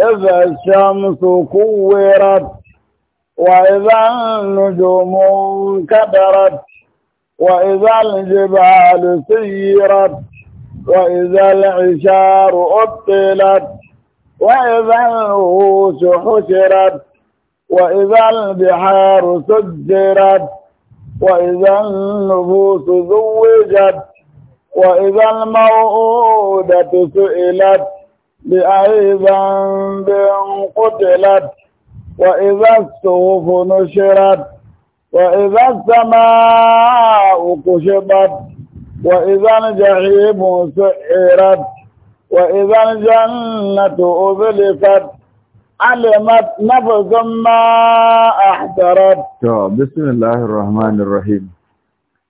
إذا الشمس كورت وإذا النجوم كدرت وإذا الجبال سيرت وإذا العشار أطلت وإذا الوحوش حشرت وإذا البحار سجرت وإذا النفوس زوجت وإذا الموءودة سئلت بأي ذنب قتلت وإذا السوف نشرت وإذا السماء كشبت وإذا الجحيم سعرت وإذا الجنة أذلفت علمت نفس ما أحضرت بسم الله الرحمن الرحيم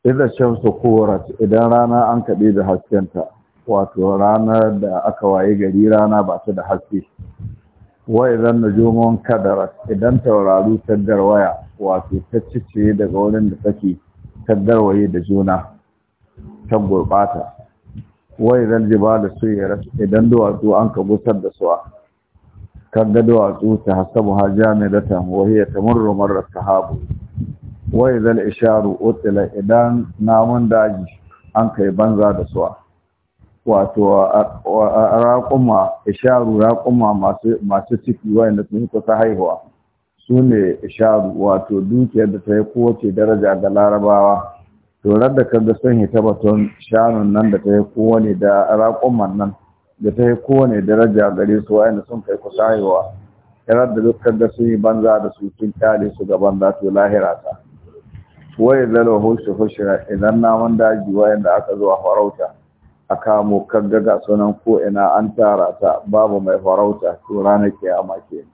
إذا الشمس كورت إذا رانا أنك بيدها السنتر wato ranar da aka waye gari rana ba ta da haske wa idan najumun kadara idan tauraru ta garwaya wato ta cice daga wurin da take ta garwaye da juna ta gurbata wa idan jibalu suyira idan duwatsu an ka gusar da suwa kaga duwatsu ta hasabu ha jamidatan wa hiya tamurru marra sahabu wa idan isharu utila idan namun daji an kai banza da suwa wato raƙuma isharu raƙuma masu ciki wanda sun kusa haihuwa su ne isharu wato dukiyar da ta yi kowace daraja ga larabawa torar da kaga sun hita batun shanun nan da ta yi kowane da raƙuman nan da ta yi kowane daraja gare su wa'anda sun kai kusa haihuwa yarar da duk da sun yi banza da su sun kyale su gaban za to lahira ta wai zalo hushe hushe idan namun daji da aka zuwa farauta a kamo kaggaga ga sunan ko ina an tara ta babu mai farauta to ranar kiyama ke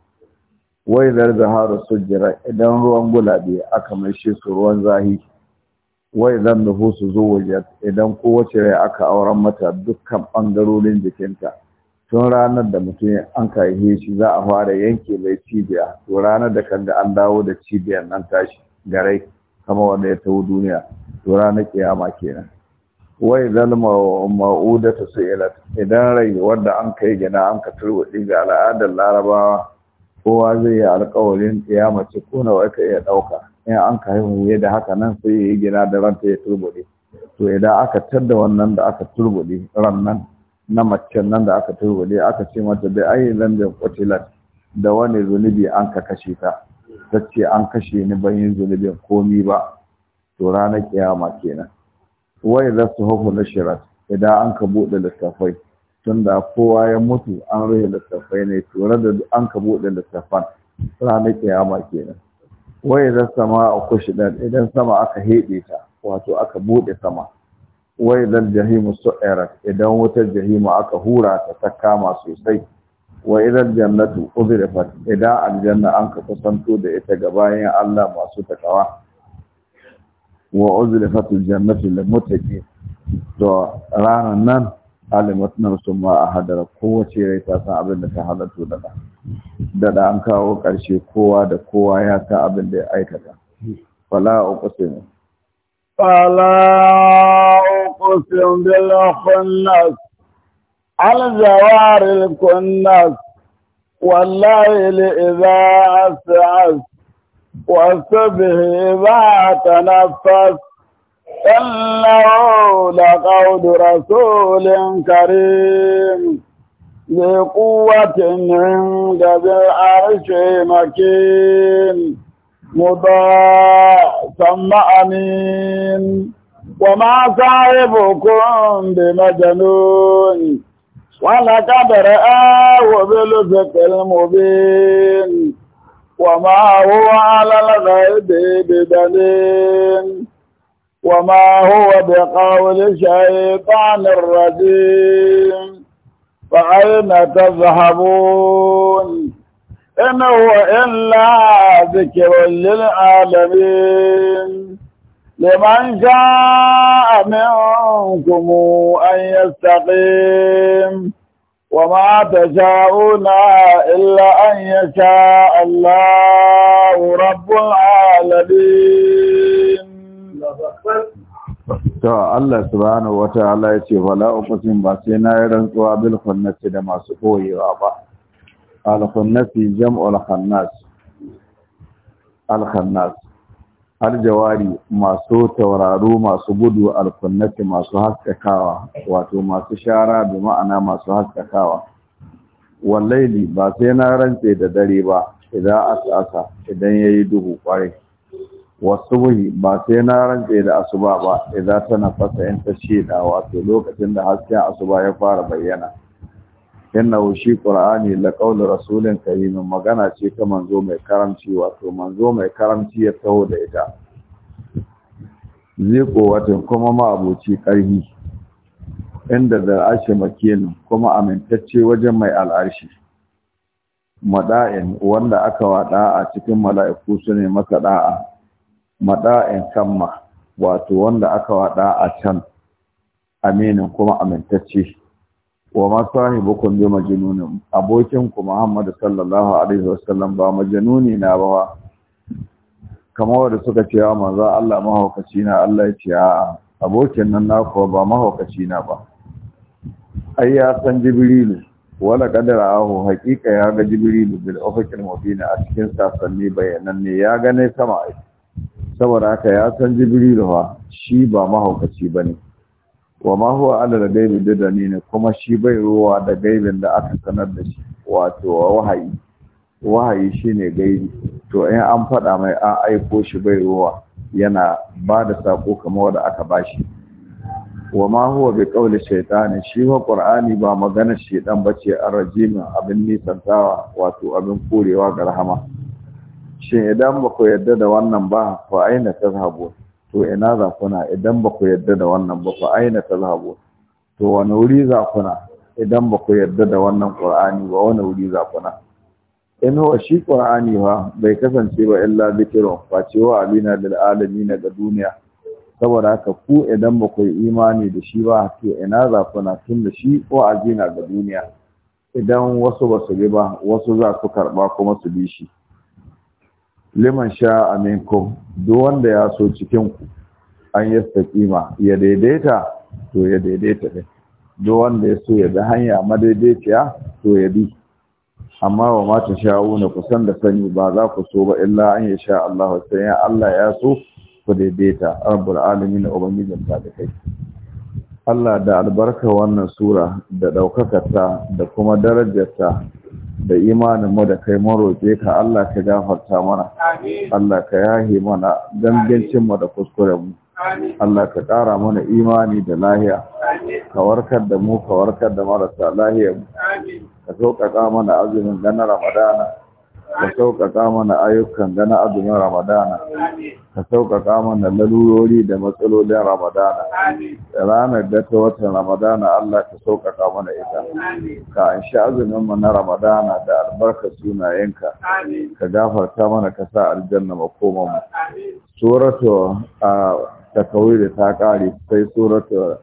wai zar zaharu sujira idan ruwan gulabe aka mai shi su ruwan zahi wai zan nufusu zuwajat idan kowace rai aka auren mata dukkan bangarorin jikinta tun ranar da mutum an kaihe shi za a fara yanke mai cibiya to ranar da kan an dawo da cibiyar nan tashi garai kama wanda ya tawo duniya to ranar kiyama kenan wai zalma ma'uda ta su'ilat idan rai wanda an kai gina an ka turbuɗi ga al'adar larabawa kowa zai yi alƙawarin kiyama ce ko wai ka iya ɗauka in an ka haihu da haka nan sai ya yi gina da ranta ya turbuɗe to idan aka tadda wannan da aka turbuɗe ran nan na macen nan da aka turbuɗe aka ce mata da ayi zambin kwatilat da wani zunubi an ka kashe ta ta ce an kashe ni ban yi zunubin komi ba to ranar kiyama kenan wai za su na shirat idan an ka buɗe littafai tun da kowa ya mutu an rufe littafai ne tura da an ka buɗe littafan ranar kiyama kenan wai za sama a kushi idan sama aka heɗe ta wato aka buɗe sama wai zan jahimu su su'irat idan wutar jahimu aka hura ta ta kama sosai wa idan jannatu uzrifat idan aljanna an ka kusanto da ita ga bayan Allah masu takawa wa uzlifatul jannatu lil ke? to rana nan alimatnar sun ma a hadara kowace rai ta san abin da ta halatu daga daga an kawo ƙarshe kowa da kowa ya ta abin da ya aikata fala uqsim fala uqsim bil khunnas al jawaril kunnas wallahi li idha as'as والصبح إذا تنفس إنه لقول رسول كريم ذي قوة عند ذي العرش مكين مضاع ثم أمين وما صاحبكم بمجنون ولقد رآه بلفق المبين وما هو على الغيب بدليل وما هو بقول شيطان الرجيم فأين تذهبون إن هو إلا ذكر للعالمين لمن شاء منكم أن يستقيم وما تشاءون إلا أن يشاء الله رب العالمين to Allah subhanahu wataala yace wala uqsim ba sai na yi rantsuwa bil khunnati da masu koyewa ba al khunnati jam'ul khannas al khannas aljawari masu tauraro masu gudu alkunnati masu haskakawa wato masu shara da ma'ana masu haskakawa wallahi ba sai na rantse da dare ba idan asasa idan yayi duhu kwarai wasubuhi ba sai na rantse da asuba ba idan ta nafasa in ta da wato lokacin da hasken asuba ya fara bayyana innahu shi qur'ani la ƙaunar rasulin karim magana ce ta manzo mai karamci wato manzo mai karamci ya taho da ita ziko watan kuma abuci karhi inda da ashe makin kuma amintacce wajen mai al'arshi mada'in wanda aka wada a cikin mala'iku su ne masa da'a mada'in kamma wato wanda aka wada a can aminin kuma amintacce wa ma sahibukum bi majnun abokin ku Muhammad sallallahu alaihi wasallam ba majnuni na ba kamar wanda suka ce wa ah, manzo Allah mahaukaci na Allah ya ce a abokin nan na ko ba mahaukaci na ba ai ya san jibril wala kadara ahu haqiqa ya ga jibril bil ufuqil mubin a cikin sasanni bayanan ne ya gane sama saboda haka ya san jibril ba, shi ba mahaukaci bane wa ma huwa ala da gaibi da kuma shi bai ruwa da gaibin da aka sanar da shi wato wahayi wahayi ne gaibi to in an faɗa mai an aiko shi bai ruwa yana ba da sako kamar wadda aka ba shi wama huwa bai qawli shaitani shi wa qur'ani ba maganar shaytan bace a rajimin abin nisantawa wato abin korewa ga rahama shin idan ba ku yarda da wannan ba ku aina ta tazhabun to ina za kuna idan ba ku yarda da wannan ba ku aina ta zahabu to wani wuri za kuna idan ba ku yarda da wannan qur'ani ba wani wuri za kuna in wa shi qur'ani ba bai kasance ba illa zikrun ce wa abina lil alamin ga duniya saboda haka ku idan ba ku yi imani da shi ba to ina za kuna tun da shi ko azina ga duniya idan wasu ba su bi ba wasu za su karba kuma su bi shi liman sha ko, duk wanda ya so cikin ku an ya daidaita to ya daidaita ne, duk wanda ya so ya bi hanya madaidaiciya to ya bi amma wa ma tasha'una kusan da sani ba za ku so ba illa an sha Allah sai Allah ya so ku daidaita rabbul alamin ubangijin kai.' Allah da albarka wannan sura da ɗaukakarta da kuma darajarta da imaninmu da kai mun ka Allah ka gafarta mana Allah ka yahi mana dangancinmu da kuskurenmu Allah ka ƙara mana imani da lahiya ka warkar da mu ka warkar da marasa lahiyarmu ka sauƙaƙa mana azumin ganin ramadana ka sauƙaƙa mana ayyukan gana azumin ramadana ka sauƙaƙa mana lalurori da matsalolin ramadana ranar da ta watan ramadana Allah ka sauƙaƙa mana ita ka an sha azuminmu na ramadana da albarka sunayenka ka gafarta mana ka sa aljanna makomanmu suratu a takawai da ta ƙare sai suratu